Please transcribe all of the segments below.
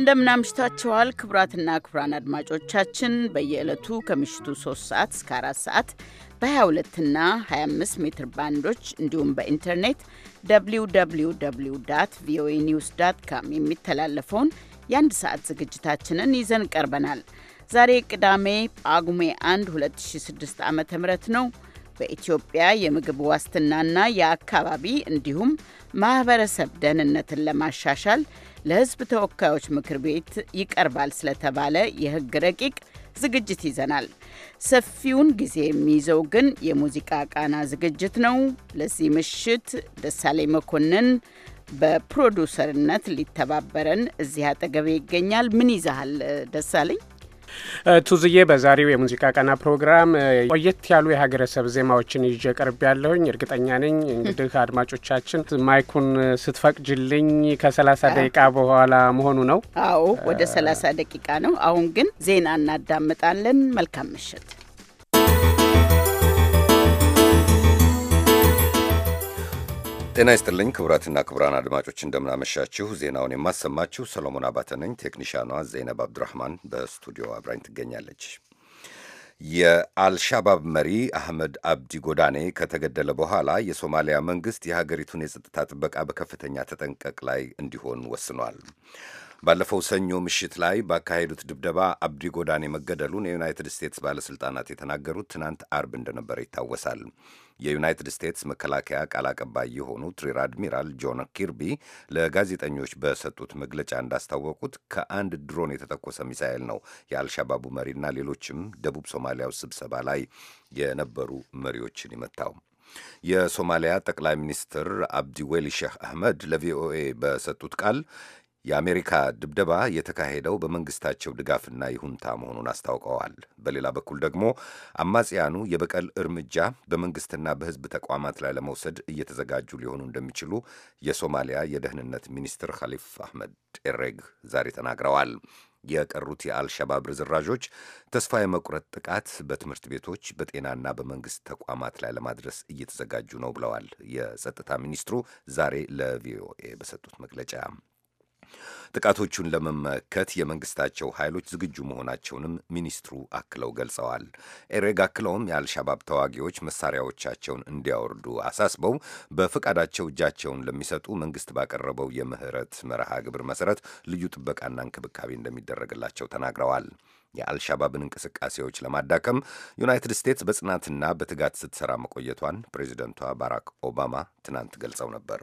እንደምናምሽታችኋል ክቡራትና ክቡራን አድማጮቻችን በየዕለቱ ከምሽቱ 3 ሰዓት እስከ 4 ሰዓት በ22ና 25 ሜትር ባንዶች እንዲሁም በኢንተርኔት www ቪኦኤ ኒውስ ዳት ካም የሚተላለፈውን የአንድ ሰዓት ዝግጅታችንን ይዘን ቀርበናል። ዛሬ ቅዳሜ ጳጉሜ 1 2006 ዓ ም ነው። በኢትዮጵያ የምግብ ዋስትናና የአካባቢ እንዲሁም ማኅበረሰብ ደህንነትን ለማሻሻል ለሕዝብ ተወካዮች ምክር ቤት ይቀርባል ስለተባለ የሕግ ረቂቅ ዝግጅት ይዘናል። ሰፊውን ጊዜ የሚይዘው ግን የሙዚቃ ቃና ዝግጅት ነው። ለዚህ ምሽት ደሳሌ መኮንን በፕሮዲውሰርነት ሊተባበረን እዚህ አጠገቤ ይገኛል። ምን ይዛሃል ደሳለኝ? ቱዝዬ በዛሬው የሙዚቃ ቀና ፕሮግራም ቆየት ያሉ የሀገረሰብ ዜማዎችን ይዤ ቀርብ ያለሁኝ እርግጠኛ ነኝ። እንግዲህ አድማጮቻችን ማይኩን ስትፈቅጅልኝ ከሰላሳ ደቂቃ በኋላ መሆኑ ነው። አዎ ወደ ሰላሳ ደቂቃ ነው። አሁን ግን ዜና እናዳምጣለን። መልካም ምሽት። ጤና ይስጥልኝ ክቡራትና ክቡራን አድማጮች እንደምናመሻችሁ። ዜናውን የማሰማችሁ ሰሎሞን አባተ ነኝ። ቴክኒሻኗ ዘይነብ አብዱራህማን በስቱዲዮ አብራኝ ትገኛለች። የአልሻባብ መሪ አህመድ አብዲ ጎዳኔ ከተገደለ በኋላ የሶማሊያ መንግስት የሀገሪቱን የጸጥታ ጥበቃ በከፍተኛ ተጠንቀቅ ላይ እንዲሆን ወስኗል። ባለፈው ሰኞ ምሽት ላይ ባካሄዱት ድብደባ አብዲ ጎዳኔ መገደሉን የዩናይትድ ስቴትስ ባለሥልጣናት የተናገሩት ትናንት አርብ እንደነበረ ይታወሳል። የዩናይትድ ስቴትስ መከላከያ ቃል አቀባይ የሆኑት ሪር አድሚራል ጆን ኪርቢ ለጋዜጠኞች በሰጡት መግለጫ እንዳስታወቁት ከአንድ ድሮን የተተኮሰ ሚሳኤል ነው የአልሻባቡ መሪና ሌሎችም ደቡብ ሶማሊያው ስብሰባ ላይ የነበሩ መሪዎችን ይመታው። የሶማሊያ ጠቅላይ ሚኒስትር አብዲ ዌሊ ሼህ አህመድ ለቪኦኤ በሰጡት ቃል የአሜሪካ ድብደባ የተካሄደው በመንግስታቸው ድጋፍና ይሁንታ መሆኑን አስታውቀዋል። በሌላ በኩል ደግሞ አማጽያኑ የበቀል እርምጃ በመንግስትና በሕዝብ ተቋማት ላይ ለመውሰድ እየተዘጋጁ ሊሆኑ እንደሚችሉ የሶማሊያ የደህንነት ሚኒስትር ኸሊፍ አህመድ ኤሬግ ዛሬ ተናግረዋል። የቀሩት የአልሸባብ ርዝራዦች ተስፋ የመቁረጥ ጥቃት በትምህርት ቤቶች በጤናና በመንግስት ተቋማት ላይ ለማድረስ እየተዘጋጁ ነው ብለዋል የጸጥታ ሚኒስትሩ ዛሬ ለቪኦኤ በሰጡት መግለጫ። ጥቃቶቹን ለመመከት የመንግስታቸው ኃይሎች ዝግጁ መሆናቸውንም ሚኒስትሩ አክለው ገልጸዋል። ኤሬግ አክለውም የአልሻባብ ተዋጊዎች መሳሪያዎቻቸውን እንዲያወርዱ አሳስበው በፈቃዳቸው እጃቸውን ለሚሰጡ መንግስት ባቀረበው የምህረት መርሃ ግብር መሰረት ልዩ ጥበቃና እንክብካቤ እንደሚደረግላቸው ተናግረዋል። የአልሻባብን እንቅስቃሴዎች ለማዳከም ዩናይትድ ስቴትስ በጽናትና በትጋት ስትሰራ መቆየቷን ፕሬዚደንቷ ባራክ ኦባማ ትናንት ገልጸው ነበር።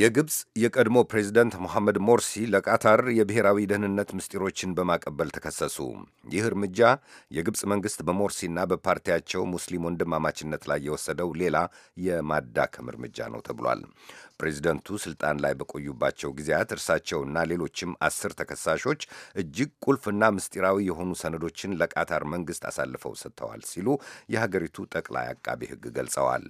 የግብፅ የቀድሞ ፕሬዚደንት መሐመድ ሞርሲ ለቃታር የብሔራዊ ደህንነት ምስጢሮችን በማቀበል ተከሰሱ። ይህ እርምጃ የግብፅ መንግሥት በሞርሲና በፓርቲያቸው ሙስሊም ወንድማማችነት ላይ የወሰደው ሌላ የማዳከም እርምጃ ነው ተብሏል። ፕሬዚደንቱ ስልጣን ላይ በቆዩባቸው ጊዜያት እርሳቸውና ሌሎችም አስር ተከሳሾች እጅግ ቁልፍና ምስጢራዊ የሆኑ ሰነዶችን ለቃታር መንግሥት አሳልፈው ሰጥተዋል ሲሉ የሀገሪቱ ጠቅላይ አቃቤ ሕግ ገልጸዋል።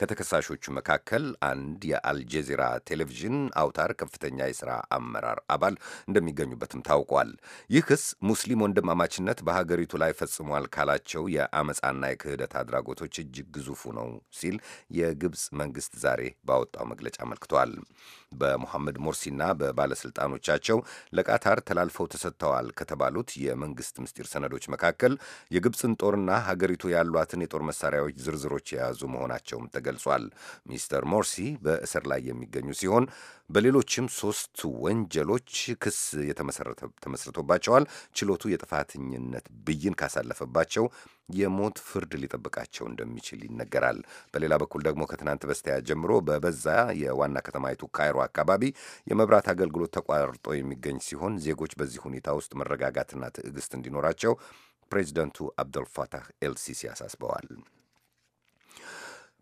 ከተከሳሾቹ መካከል አንድ የአልጀዚራ ቴሌቪዥን አውታር ከፍተኛ የሥራ አመራር አባል እንደሚገኙበትም ታውቋል። ይህ ክስ ሙስሊም ወንድማማችነት በሀገሪቱ ላይ ፈጽሟል ካላቸው የአመፃና የክህደት አድራጎቶች እጅግ ግዙፉ ነው ሲል የግብፅ መንግስት ዛሬ ባወጣው መግለጫ አመልክቷል። በሞሐመድ ሞርሲና በባለሥልጣኖቻቸው ለቃታር ተላልፈው ተሰጥተዋል ከተባሉት የመንግስት ምስጢር ሰነዶች መካከል የግብፅን ጦርና ሀገሪቱ ያሏትን የጦር መሳሪያዎች ዝርዝሮች የያዙ መሆናቸውም ተገልጿል። ሚስተር ሞርሲ በእስር ላይ የሚገኙ ሲሆን በሌሎችም ሶስት ወንጀሎች ክስ የተመስርቶባቸዋል። ችሎቱ የጥፋተኝነት ብይን ካሳለፈባቸው የሞት ፍርድ ሊጠብቃቸው እንደሚችል ይነገራል። በሌላ በኩል ደግሞ ከትናንት በስቲያ ጀምሮ በበዛ የዋና ከተማይቱ ካይሮ አካባቢ የመብራት አገልግሎት ተቋርጦ የሚገኝ ሲሆን ዜጎች በዚህ ሁኔታ ውስጥ መረጋጋትና ትዕግስት እንዲኖራቸው ፕሬዚደንቱ አብደልፋታህ ኤልሲሲ አሳስበዋል።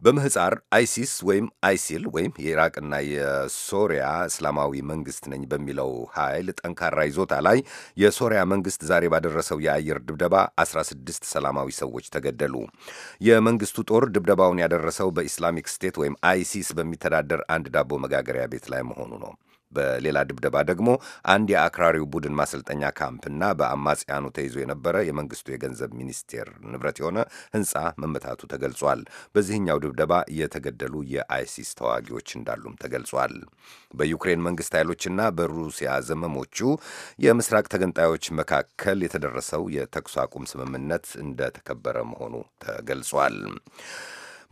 በምህፃር አይሲስ ወይም አይሲል ወይም የኢራቅና የሶሪያ እስላማዊ መንግስት ነኝ በሚለው ኃይል ጠንካራ ይዞታ ላይ የሶሪያ መንግስት ዛሬ ባደረሰው የአየር ድብደባ 16 ሰላማዊ ሰዎች ተገደሉ። የመንግስቱ ጦር ድብደባውን ያደረሰው በኢስላሚክ ስቴት ወይም አይሲስ በሚተዳደር አንድ ዳቦ መጋገሪያ ቤት ላይ መሆኑ ነው። በሌላ ድብደባ ደግሞ አንድ የአክራሪው ቡድን ማሰልጠኛ ካምፕና በአማጽያኑ ተይዞ የነበረ የመንግስቱ የገንዘብ ሚኒስቴር ንብረት የሆነ ህንፃ መመታቱ ተገልጿል። በዚህኛው ድብደባ የተገደሉ የአይሲስ ተዋጊዎች እንዳሉም ተገልጿል። በዩክሬን መንግስት ኃይሎችና በሩሲያ ዘመሞቹ የምስራቅ ተገንጣዮች መካከል የተደረሰው የተኩስ አቁም ስምምነት እንደተከበረ መሆኑ ተገልጿል።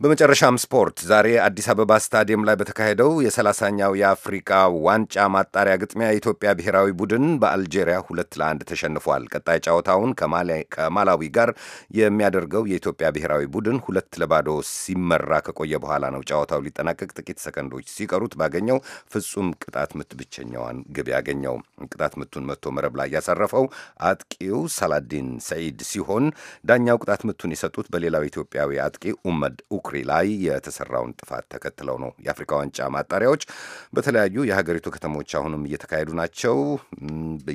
በመጨረሻም ስፖርት ዛሬ አዲስ አበባ ስታዲየም ላይ በተካሄደው የሰላሳኛው የአፍሪካ ዋንጫ ማጣሪያ ግጥሚያ የኢትዮጵያ ብሔራዊ ቡድን በአልጄሪያ ሁለት ለአንድ ተሸንፏል። ቀጣይ ጨዋታውን ከማላዊ ጋር የሚያደርገው የኢትዮጵያ ብሔራዊ ቡድን ሁለት ለባዶ ሲመራ ከቆየ በኋላ ነው። ጨዋታው ሊጠናቀቅ ጥቂት ሰከንዶች ሲቀሩት ባገኘው ፍጹም ቅጣት ምት ብቸኛዋን ግብ ያገኘው ቅጣት ምቱን መቶ መረብ ላይ ያሳረፈው አጥቂው ሳላዲን ሰዒድ ሲሆን ዳኛው ቅጣት ምቱን የሰጡት በሌላው ኢትዮጵያዊ አጥቂ ኡመድ ኡክ ኮንክሪ ላይ የተሰራውን ጥፋት ተከትለው ነው። የአፍሪካ ዋንጫ ማጣሪያዎች በተለያዩ የሀገሪቱ ከተሞች አሁንም እየተካሄዱ ናቸው።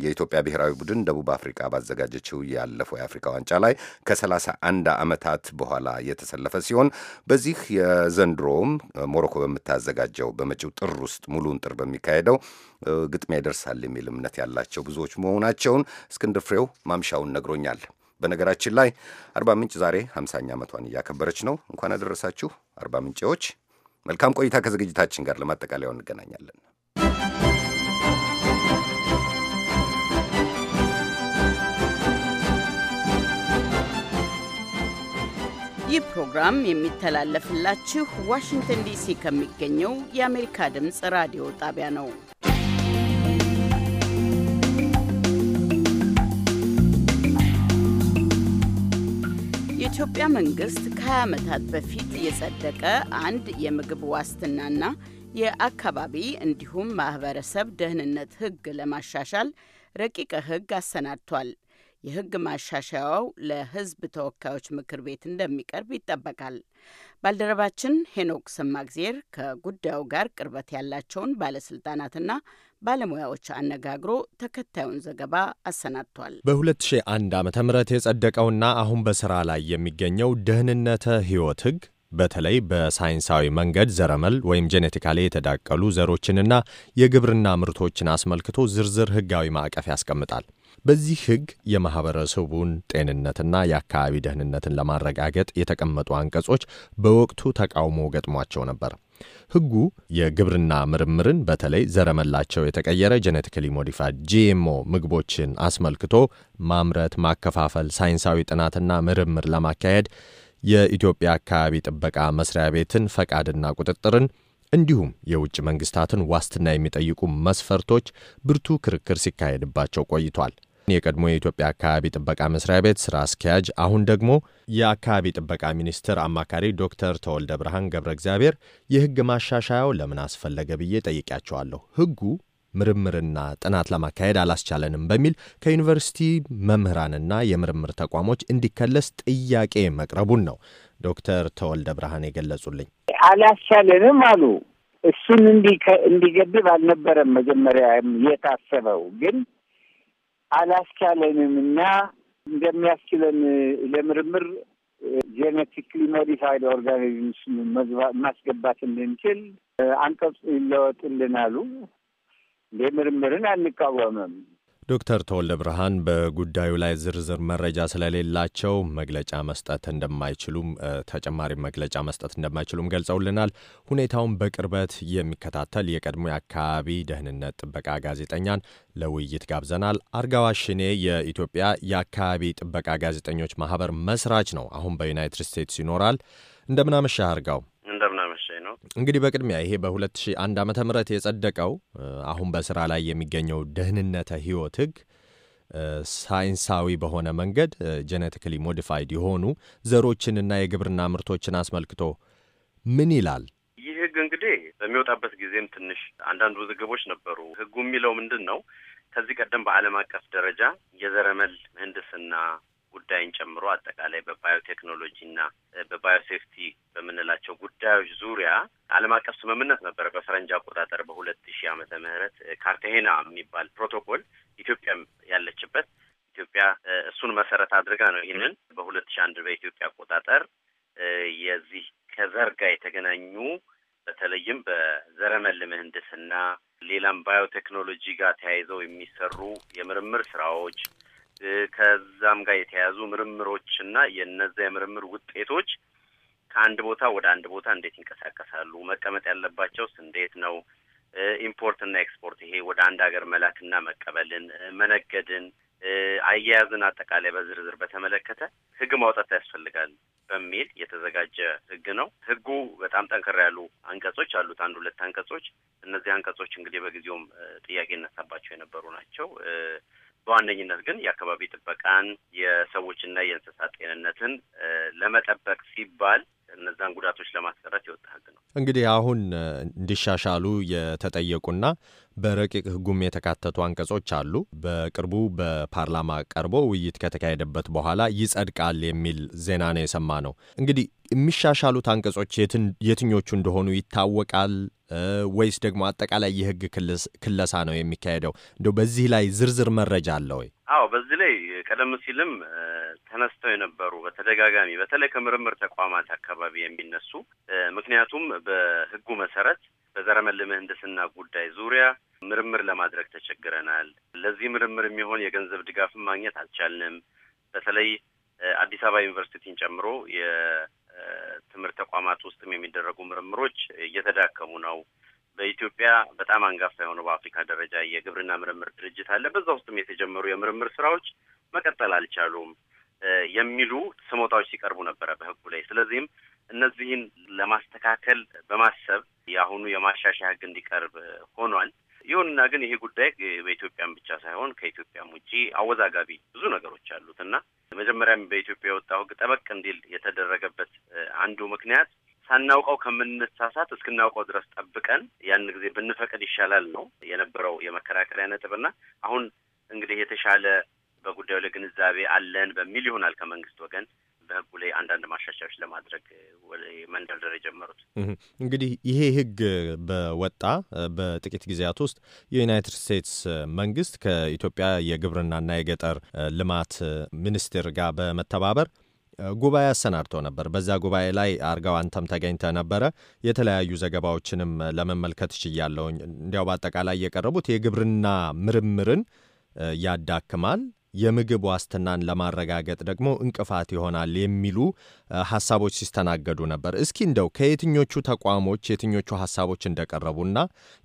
የኢትዮጵያ ብሔራዊ ቡድን ደቡብ አፍሪካ ባዘጋጀችው ያለፈው የአፍሪካ ዋንጫ ላይ ከ31 ዓመታት በኋላ የተሰለፈ ሲሆን በዚህ የዘንድሮውም ሞሮኮ በምታዘጋጀው በመጪው ጥር ውስጥ ሙሉን ጥር በሚካሄደው ግጥሚያ ይደርሳል የሚል እምነት ያላቸው ብዙዎች መሆናቸውን እስክንድር ፍሬው ማምሻውን ነግሮኛል። በነገራችን ላይ አርባ ምንጭ ዛሬ 50ኛ ዓመቷን እያከበረች ነው። እንኳን አደረሳችሁ አርባ ምንጭዎች። መልካም ቆይታ ከዝግጅታችን ጋር ለማጠቃለያው እንገናኛለን። ይህ ፕሮግራም የሚተላለፍላችሁ ዋሽንግተን ዲሲ ከሚገኘው የአሜሪካ ድምፅ ራዲዮ ጣቢያ ነው። የኢትዮጵያ መንግስት ከ20 ዓመታት በፊት የጸደቀ አንድ የምግብ ዋስትናና የአካባቢ እንዲሁም ማህበረሰብ ደህንነት ህግ ለማሻሻል ረቂቀ ህግ አሰናድቷል። የህግ ማሻሻያው ለህዝብ ተወካዮች ምክር ቤት እንደሚቀርብ ይጠበቃል። ባልደረባችን ሄኖክ ሰማግዜር ከጉዳዩ ጋር ቅርበት ያላቸውን ባለስልጣናትና ባለሙያዎች አነጋግሮ ተከታዩን ዘገባ አሰናድቷል። በ2001 ዓ ም የጸደቀውና አሁን በሥራ ላይ የሚገኘው ደህንነተ ሕይወት ሕግ በተለይ በሳይንሳዊ መንገድ ዘረመል ወይም ጄኔቲካሊ የተዳቀሉ ዘሮችንና የግብርና ምርቶችን አስመልክቶ ዝርዝር ሕጋዊ ማዕቀፍ ያስቀምጣል። በዚህ ሕግ የማኅበረሰቡን ጤንነትና የአካባቢ ደህንነትን ለማረጋገጥ የተቀመጡ አንቀጾች በወቅቱ ተቃውሞ ገጥሟቸው ነበር። ህጉ የግብርና ምርምርን በተለይ ዘረመላቸው የተቀየረ ጄኔቲካሊ ሞዲፋይድ ጂኤምኦ ምግቦችን አስመልክቶ ማምረት፣ ማከፋፈል፣ ሳይንሳዊ ጥናትና ምርምር ለማካሄድ የኢትዮጵያ አካባቢ ጥበቃ መስሪያ ቤትን ፈቃድና ቁጥጥርን እንዲሁም የውጭ መንግስታትን ዋስትና የሚጠይቁ መስፈርቶች ብርቱ ክርክር ሲካሄድባቸው ቆይቷል። የቀድሞ የኢትዮጵያ አካባቢ ጥበቃ መስሪያ ቤት ስራ አስኪያጅ አሁን ደግሞ የአካባቢ ጥበቃ ሚኒስትር አማካሪ ዶክተር ተወልደ ብርሃን ገብረ እግዚአብሔር የህግ ማሻሻያው ለምን አስፈለገ ብዬ ጠይቄያቸዋለሁ። ህጉ ምርምርና ጥናት ለማካሄድ አላስቻለንም በሚል ከዩኒቨርሲቲ መምህራንና የምርምር ተቋሞች እንዲከለስ ጥያቄ መቅረቡን ነው ዶክተር ተወልደ ብርሃን የገለጹልኝ። አላስቻለንም አሉ። እሱን እንዲገድብ አልነበረም መጀመሪያ የታሰበው ግን አላስቻለንም እና እንደሚያስችለን ለምርምር ጄኔቲክሊ ሞዲፋይድ ኦርጋኒዝምስ ማስገባት እንድንችል አንቀጽ ይለወጥልን አሉ። ምርምርን አንቃወምም ዶክተር ተወልደ ብርሃን በጉዳዩ ላይ ዝርዝር መረጃ ስለሌላቸው መግለጫ መስጠት እንደማይችሉም ተጨማሪ መግለጫ መስጠት እንደማይችሉም ገልጸውልናል። ሁኔታውን በቅርበት የሚከታተል የቀድሞ የአካባቢ ደህንነት ጥበቃ ጋዜጠኛን ለውይይት ጋብዘናል። አርጋዋ ሽኔ የኢትዮጵያ የአካባቢ ጥበቃ ጋዜጠኞች ማህበር መስራች ነው። አሁን በዩናይትድ ስቴትስ ይኖራል። እንደምናመሻ አርጋው ነው። እንግዲህ በቅድሚያ ይሄ በ2001 ዓ ም የጸደቀው አሁን በስራ ላይ የሚገኘው ደህንነተ ህይወት ህግ ሳይንሳዊ በሆነ መንገድ ጄኔቲካሊ ሞዲፋይድ የሆኑ ዘሮችንና የግብርና ምርቶችን አስመልክቶ ምን ይላል? ይህ ህግ እንግዲህ በሚወጣበት ጊዜም ትንሽ አንዳንድ ውዝግቦች ነበሩ። ህጉ የሚለው ምንድን ነው? ከዚህ ቀደም በዓለም አቀፍ ደረጃ የዘረመል ምህንድስና ጉዳይን ጨምሮ አጠቃላይ በባዮቴክኖሎጂና በባዮሴፍቲ በምንላቸው ጉዳዮች ዙሪያ ዓለም አቀፍ ስምምነት ነበረ በፈረንጅ አቆጣጠር በሁለት ሺህ ዓመተ ምህረት ካርቴሄና የሚባል ፕሮቶኮል ኢትዮጵያ ያለችበት ኢትዮጵያ እሱን መሰረት አድርጋ ነው ይህንን በሁለት ሺህ አንድ በኢትዮጵያ አቆጣጠር የዚህ ከዘር ጋር የተገናኙ በተለይም በዘረመል ምህንድስና ሌላም ባዮቴክኖሎጂ ጋር ተያይዘው የሚሰሩ የምርምር ስራዎች ከዛም ጋር የተያያዙ ምርምሮች እና የእነዚያ የምርምር ውጤቶች ከአንድ ቦታ ወደ አንድ ቦታ እንዴት ይንቀሳቀሳሉ፣ መቀመጥ ያለባቸውስ እንዴት ነው፣ ኢምፖርትና ኤክስፖርት፣ ይሄ ወደ አንድ ሀገር መላክና መቀበልን፣ መነገድን፣ አያያዝን አጠቃላይ በዝርዝር በተመለከተ ህግ ማውጣት ያስፈልጋል በሚል የተዘጋጀ ህግ ነው። ህጉ በጣም ጠንከር ያሉ አንቀጾች አሉት፣ አንድ ሁለት አንቀጾች። እነዚህ አንቀጾች እንግዲህ በጊዜውም ጥያቄ ይነሳባቸው የነበሩ ናቸው። በዋነኝነት ግን የአካባቢ ጥበቃን የሰዎችና የእንስሳት ጤንነትን ለመጠበቅ ሲባል እነዛን ጉዳቶች ለማስቀረት የወጣ ህግ ነው። እንግዲህ አሁን እንዲሻሻሉ የተጠየቁና በረቂቅ ህጉም የተካተቱ አንቀጾች አሉ። በቅርቡ በፓርላማ ቀርቦ ውይይት ከተካሄደበት በኋላ ይጸድቃል የሚል ዜና ነው የሰማ ነው። እንግዲህ የሚሻሻሉት አንቀጾች የትኞቹ እንደሆኑ ይታወቃል? ወይስ ደግሞ አጠቃላይ የህግ ክለሳ ነው የሚካሄደው? እንደው በዚህ ላይ ዝርዝር መረጃ አለ ወይ? አዎ፣ በዚህ ላይ ቀደም ሲልም ተነስተው የነበሩ በተደጋጋሚ በተለይ ከምርምር ተቋማት አካባቢ የሚነሱ ምክንያቱም በህጉ መሰረት በዘረመል ምህንድስና ጉዳይ ዙሪያ ምርምር ለማድረግ ተቸግረናል፣ ለዚህ ምርምር የሚሆን የገንዘብ ድጋፍን ማግኘት አልቻልንም። በተለይ አዲስ አበባ ዩኒቨርሲቲን ጨምሮ ትምህርት ተቋማት ውስጥም የሚደረጉ ምርምሮች እየተዳከሙ ነው። በኢትዮጵያ በጣም አንጋፋ የሆነው በአፍሪካ ደረጃ የግብርና ምርምር ድርጅት አለ። በዛ ውስጥም የተጀመሩ የምርምር ስራዎች መቀጠል አልቻሉም የሚሉ ስሞታዎች ሲቀርቡ ነበረ በህጉ ላይ። ስለዚህም እነዚህን ለማስተካከል በማሰብ የአሁኑ የማሻሻያ ህግ እንዲቀርብ ሆኗል። ይሁንና ግን ይሄ ጉዳይ በኢትዮጵያም ብቻ ሳይሆን ከኢትዮጵያም ውጪ አወዛጋቢ ብዙ ነገሮች አሉት እና መጀመሪያም በኢትዮጵያ የወጣው ሕግ ጠበቅ እንዲል የተደረገበት አንዱ ምክንያት ሳናውቀው ከምንሳሳት እስክናውቀው ድረስ ጠብቀን ያን ጊዜ ብንፈቅድ ይሻላል ነው የነበረው የመከራከሪያ ነጥብና አሁን እንግዲህ የተሻለ በጉዳዩ ላይ ግንዛቤ አለን በሚል ይሆናል ከመንግስት ወገን በህጉ ላይ አንዳንድ ማሻሻዎች ለማድረግ መንደርደር የጀመሩት። እንግዲህ ይሄ ህግ በወጣ በጥቂት ጊዜያት ውስጥ የዩናይትድ ስቴትስ መንግስት ከኢትዮጵያ የግብርናና የገጠር ልማት ሚኒስቴር ጋር በመተባበር ጉባኤ አሰናድቶ ነበር። በዛ ጉባኤ ላይ አርጋው አንተም ተገኝተ ነበረ። የተለያዩ ዘገባዎችንም ለመመልከት እችያለሁኝ። እንዲያው በአጠቃላይ የቀረቡት የግብርና ምርምርን ያዳክማል የምግብ ዋስትናን ለማረጋገጥ ደግሞ እንቅፋት ይሆናል የሚሉ ሀሳቦች ሲስተናገዱ ነበር። እስኪ እንደው ከየትኞቹ ተቋሞች የትኞቹ ሀሳቦች እንደቀረቡና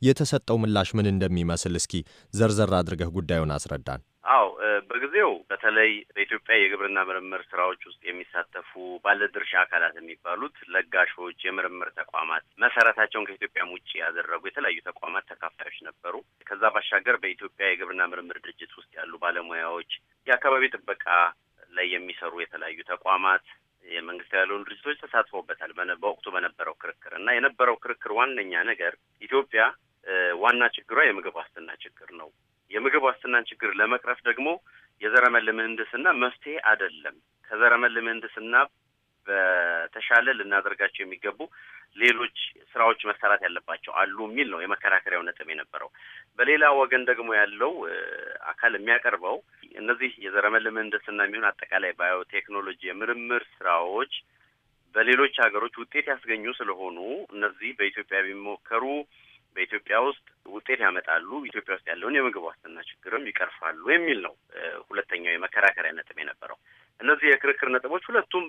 የተሰጠው ምላሽ ምን እንደሚመስል እስኪ ዘርዘር አድርገህ ጉዳዩን አስረዳን። አዎ በጊዜው በተለይ በኢትዮጵያ የግብርና ምርምር ስራዎች ውስጥ የሚሳተፉ ባለድርሻ አካላት የሚባሉት ለጋሾች፣ የምርምር ተቋማት መሰረታቸውን ከኢትዮጵያም ውጭ ያደረጉ የተለያዩ ተቋማት ተካፋዮች ነበሩ። ከዛ ባሻገር በኢትዮጵያ የግብርና ምርምር ድርጅት ውስጥ ያሉ ባለሙያዎች፣ የአካባቢ ጥበቃ ላይ የሚሰሩ የተለያዩ ተቋማት፣ የመንግስት ያልሆኑ ድርጅቶች ተሳትፎበታል። በወቅቱ በነበረው ክርክር እና የነበረው ክርክር ዋነኛ ነገር ኢትዮጵያ ዋና ችግሯ የምግብ ዋስትና ችግር ነው የምግብ ችግር ለመቅረፍ ደግሞ የዘረመል ምህንድስና መፍትሄ አይደለም። ከዘረመል ምህንድስና በተሻለ ልናደርጋቸው የሚገቡ ሌሎች ስራዎች መሰራት ያለባቸው አሉ የሚል ነው የመከራከሪያው ነጥብ የነበረው። በሌላ ወገን ደግሞ ያለው አካል የሚያቀርበው እነዚህ የዘረመል ምህንድስና የሚሆን አጠቃላይ ባዮቴክኖሎጂ የምርምር ስራዎች በሌሎች ሀገሮች ውጤት ያስገኙ ስለሆኑ እነዚህ በኢትዮጵያ የሚሞከሩ በኢትዮጵያ ውስጥ ውጤት ያመጣሉ፣ ኢትዮጵያ ውስጥ ያለውን የምግብ ዋስትና ችግርም ይቀርፋሉ የሚል ነው ሁለተኛው የመከራከሪያ ነጥብ የነበረው። እነዚህ የክርክር ነጥቦች ሁለቱም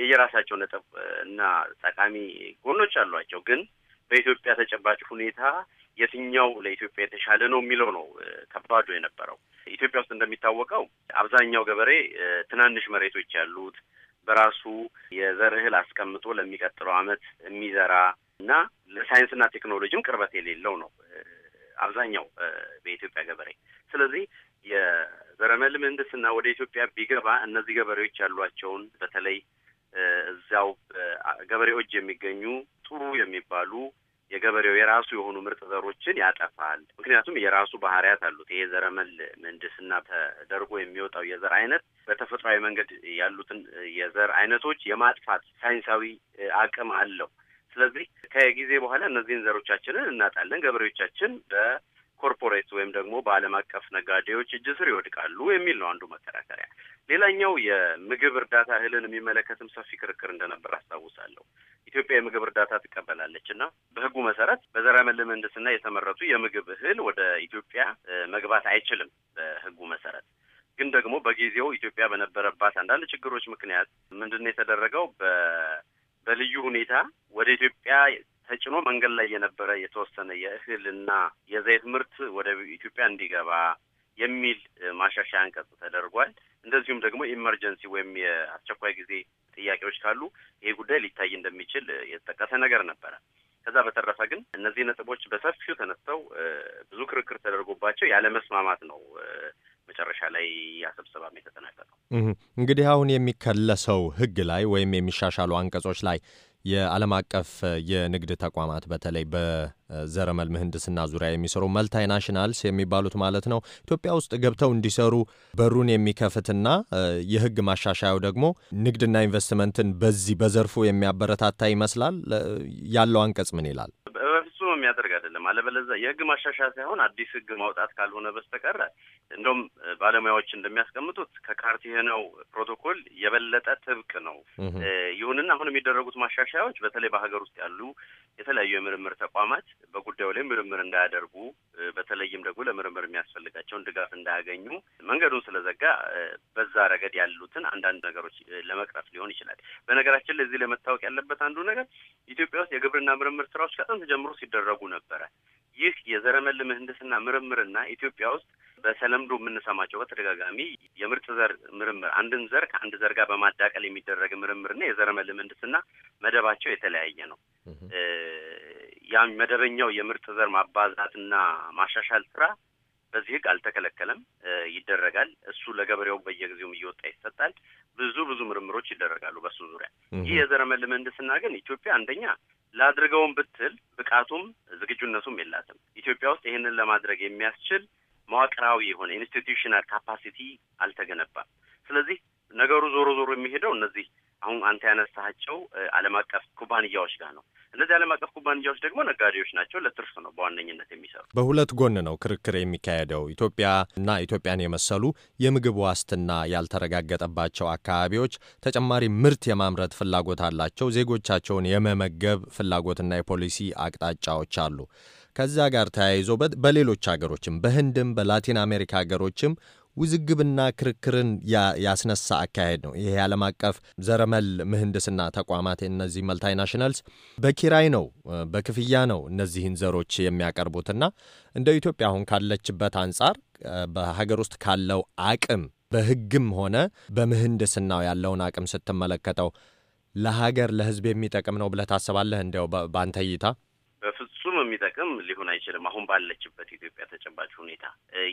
የየራሳቸው ነጥብ እና ጠቃሚ ጎኖች አሏቸው። ግን በኢትዮጵያ ተጨባጭ ሁኔታ የትኛው ለኢትዮጵያ የተሻለ ነው የሚለው ነው ከባዱ የነበረው። ኢትዮጵያ ውስጥ እንደሚታወቀው አብዛኛው ገበሬ ትናንሽ መሬቶች ያሉት በራሱ የዘር እህል አስቀምጦ ለሚቀጥለው ዓመት የሚዘራ እና ለሳይንስና ቴክኖሎጂም ቅርበት የሌለው ነው አብዛኛው በኢትዮጵያ ገበሬ። ስለዚህ የዘረመል ምህንድስና ወደ ኢትዮጵያ ቢገባ እነዚህ ገበሬዎች ያሏቸውን በተለይ እዚያው ገበሬዎች የሚገኙ ጥሩ የሚባሉ የገበሬው የራሱ የሆኑ ምርጥ ዘሮችን ያጠፋል። ምክንያቱም የራሱ ባህሪያት አሉት። ይሄ ዘረመል ምህንድስና ተደርጎ የሚወጣው የዘር አይነት በተፈጥሯዊ መንገድ ያሉትን የዘር አይነቶች የማጥፋት ሳይንሳዊ አቅም አለው። ስለዚህ ከጊዜ በኋላ እነዚህን ዘሮቻችንን እናጣለን። ገበሬዎቻችን በኮርፖሬት ወይም ደግሞ በዓለም አቀፍ ነጋዴዎች እጅ ስር ይወድቃሉ የሚል ነው አንዱ መከራከሪያ። ሌላኛው የምግብ እርዳታ እህልን የሚመለከትም ሰፊ ክርክር እንደነበር አስታውሳለሁ። ኢትዮጵያ የምግብ እርዳታ ትቀበላለች እና በህጉ መሰረት በዘረመል ምህንድስና የተመረቱ የምግብ እህል ወደ ኢትዮጵያ መግባት አይችልም በህጉ መሰረት። ግን ደግሞ በጊዜው ኢትዮጵያ በነበረባት አንዳንድ ችግሮች ምክንያት ምንድን ነው የተደረገው በ በልዩ ሁኔታ ወደ ኢትዮጵያ ተጭኖ መንገድ ላይ የነበረ የተወሰነ የእህል እና የዘይት ምርት ወደ ኢትዮጵያ እንዲገባ የሚል ማሻሻያ አንቀጽ ተደርጓል። እንደዚሁም ደግሞ ኢመርጀንሲ ወይም የአስቸኳይ ጊዜ ጥያቄዎች ካሉ ይሄ ጉዳይ ሊታይ እንደሚችል የተጠቀሰ ነገር ነበረ። ከዛ በተረፈ ግን እነዚህ ነጥቦች በሰፊው ተነስተው ብዙ ክርክር ተደርጎባቸው ያለ መስማማት ነው መጨረሻ ላይ ያ ስብሰባም የተጠናቀቀው። እንግዲህ አሁን የሚከለሰው ህግ ላይ ወይም የሚሻሻሉ አንቀጾች ላይ የዓለም አቀፍ የንግድ ተቋማት በተለይ በዘረመል ምህንድስና ዙሪያ የሚሰሩ መልታይ ናሽናልስ የሚባሉት ማለት ነው ኢትዮጵያ ውስጥ ገብተው እንዲሰሩ በሩን የሚከፍትና የህግ ማሻሻያው ደግሞ ንግድና ኢንቨስትመንትን በዚህ በዘርፉ የሚያበረታታ ይመስላል። ያለው አንቀጽ ምን ይላል? በፍጹም የሚያደርግ አይደለም። አለበለዚያ የህግ ማሻሻያ ሳይሆን አዲስ ህግ ማውጣት ካልሆነ በስተቀር እንደውም ባለሙያዎች እንደሚያስቀምጡት ከካርቲሄናው ፕሮቶኮል የበለጠ ጥብቅ ነው። ይሁንና አሁን የሚደረጉት ማሻሻያዎች በተለይ በሀገር ውስጥ ያሉ የተለያዩ የምርምር ተቋማት በጉዳዩ ላይ ምርምር እንዳያደርጉ፣ በተለይም ደግሞ ለምርምር የሚያስፈልጋቸውን ድጋፍ እንዳያገኙ መንገዱን ስለዘጋ በዛ ረገድ ያሉትን አንዳንድ ነገሮች ለመቅረፍ ሊሆን ይችላል። በነገራችን ለዚህ ለመታወቅ ያለበት አንዱ ነገር ኢትዮጵያ ውስጥ የግብርና ምርምር ስራዎች ከጥንት ጀምሮ ሲደረጉ ነበረ። ይህ የዘረመል ምህንድስና ምርምርና ኢትዮጵያ ውስጥ በተለምዶ የምንሰማቸው በተደጋጋሚ የምርጥ ዘር ምርምር አንድን ዘር ከአንድ ዘር ጋር በማዳቀል የሚደረግ ምርምርና የዘረመል ምህንድስና መደባቸው የተለያየ ነው። ያም መደበኛው የምርጥ ዘር ማባዛትና ማሻሻል ስራ በዚህ ህግ አልተከለከለም፣ ይደረጋል። እሱ ለገበሬው በየጊዜውም እየወጣ ይሰጣል። ብዙ ብዙ ምርምሮች ይደረጋሉ በሱ ዙሪያ። ይህ የዘረመል ምህንድስና ግን ኢትዮጵያ አንደኛ ላድርገውም ብትል ብቃቱም ዝግጁነቱም የላትም። ኢትዮጵያ ውስጥ ይህንን ለማድረግ የሚያስችል መዋቅራዊ የሆነ ኢንስቲትዩሽናል ካፓሲቲ አልተገነባም። ስለዚህ ነገሩ ዞሮ ዞሮ የሚሄደው እነዚህ አሁን አንተ ያነሳቸው ዓለም አቀፍ ኩባንያዎች ጋር ነው። እነዚህ ዓለም አቀፍ ኩባንያዎች ደግሞ ነጋዴዎች ናቸው። ለትርፍ ነው በዋነኝነት የሚሰሩ። በሁለት ጎን ነው ክርክር የሚካሄደው። ኢትዮጵያ እና ኢትዮጵያን የመሰሉ የምግብ ዋስትና ያልተረጋገጠባቸው አካባቢዎች ተጨማሪ ምርት የማምረት ፍላጎት አላቸው። ዜጎቻቸውን የመመገብ ፍላጎትና የፖሊሲ አቅጣጫዎች አሉ። ከዛ ጋር ተያይዞ በሌሎች ሀገሮችም በህንድም በላቲን አሜሪካ ሀገሮችም ውዝግብና ክርክርን ያስነሳ አካሄድ ነው። ይሄ ዓለም አቀፍ ዘረመል ምህንድስና ተቋማት እነዚህ መልታይናሽናልስ በኪራይ ነው፣ በክፍያ ነው እነዚህን ዘሮች የሚያቀርቡትና እንደ ኢትዮጵያ አሁን ካለችበት አንጻር በሀገር ውስጥ ካለው አቅም በህግም ሆነ በምህንድስናው ያለውን አቅም ስትመለከተው ለሀገር ለህዝብ የሚጠቅም ነው ብለህ ታስባለህ? እንዲያው በአንተ እይታ ለሁሉም የሚጠቅም ሊሆን አይችልም። አሁን ባለችበት ኢትዮጵያ ተጨባጭ ሁኔታ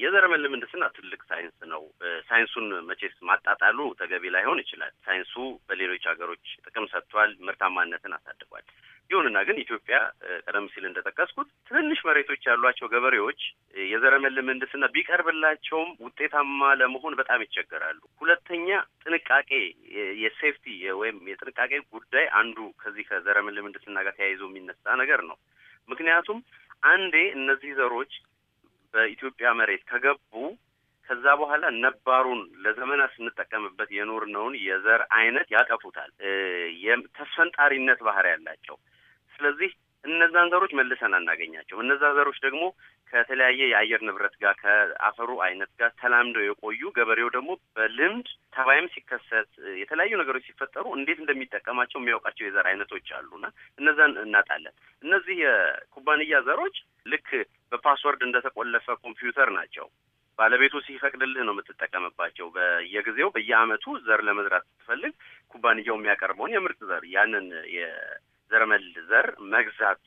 የዘረመን ልምንድስና ምህንድስና ትልቅ ሳይንስ ነው። ሳይንሱን መቼስ ማጣጣሉ ተገቢ ላይሆን ይችላል። ሳይንሱ በሌሎች ሀገሮች ጥቅም ሰጥቷል፣ ምርታማነትን አሳድጓል። ይሁንና ግን ኢትዮጵያ ቀደም ሲል እንደጠቀስኩት ትንንሽ መሬቶች ያሏቸው ገበሬዎች የዘረመል ምህንድስና ቢቀርብላቸውም ውጤታማ ለመሆን በጣም ይቸገራሉ። ሁለተኛ ጥንቃቄ፣ የሴፍቲ ወይም የጥንቃቄ ጉዳይ አንዱ ከዚህ ከዘረመል ምህንድስና ጋር ተያይዞ የሚነሳ ነገር ነው። ምክንያቱም አንዴ እነዚህ ዘሮች በኢትዮጵያ መሬት ከገቡ ከዛ በኋላ ነባሩን ለዘመናት ስንጠቀምበት የኖርነውን የዘር አይነት ያጠፉታል። ተስፈንጣሪነት ባህሪ ያላቸው ስለዚህ እነዛን ዘሮች መልሰን አናገኛቸው። እነዛ ዘሮች ደግሞ ከተለያየ የአየር ንብረት ጋር ከአፈሩ አይነት ጋር ተላምደው የቆዩ ገበሬው ደግሞ በልምድ ተባይም ሲከሰት የተለያዩ ነገሮች ሲፈጠሩ እንዴት እንደሚጠቀማቸው የሚያውቃቸው የዘር አይነቶች አሉና እነዛን እናጣለን። እነዚህ የኩባንያ ዘሮች ልክ በፓስወርድ እንደተቆለፈ ኮምፒውተር ናቸው። ባለቤቱ ሲፈቅድልህ ነው የምትጠቀምባቸው። በየጊዜው በየአመቱ ዘር ለመዝራት ስትፈልግ ኩባንያው የሚያቀርበውን የምርጥ ዘር ያንን ዘረመል ዘር መግዛት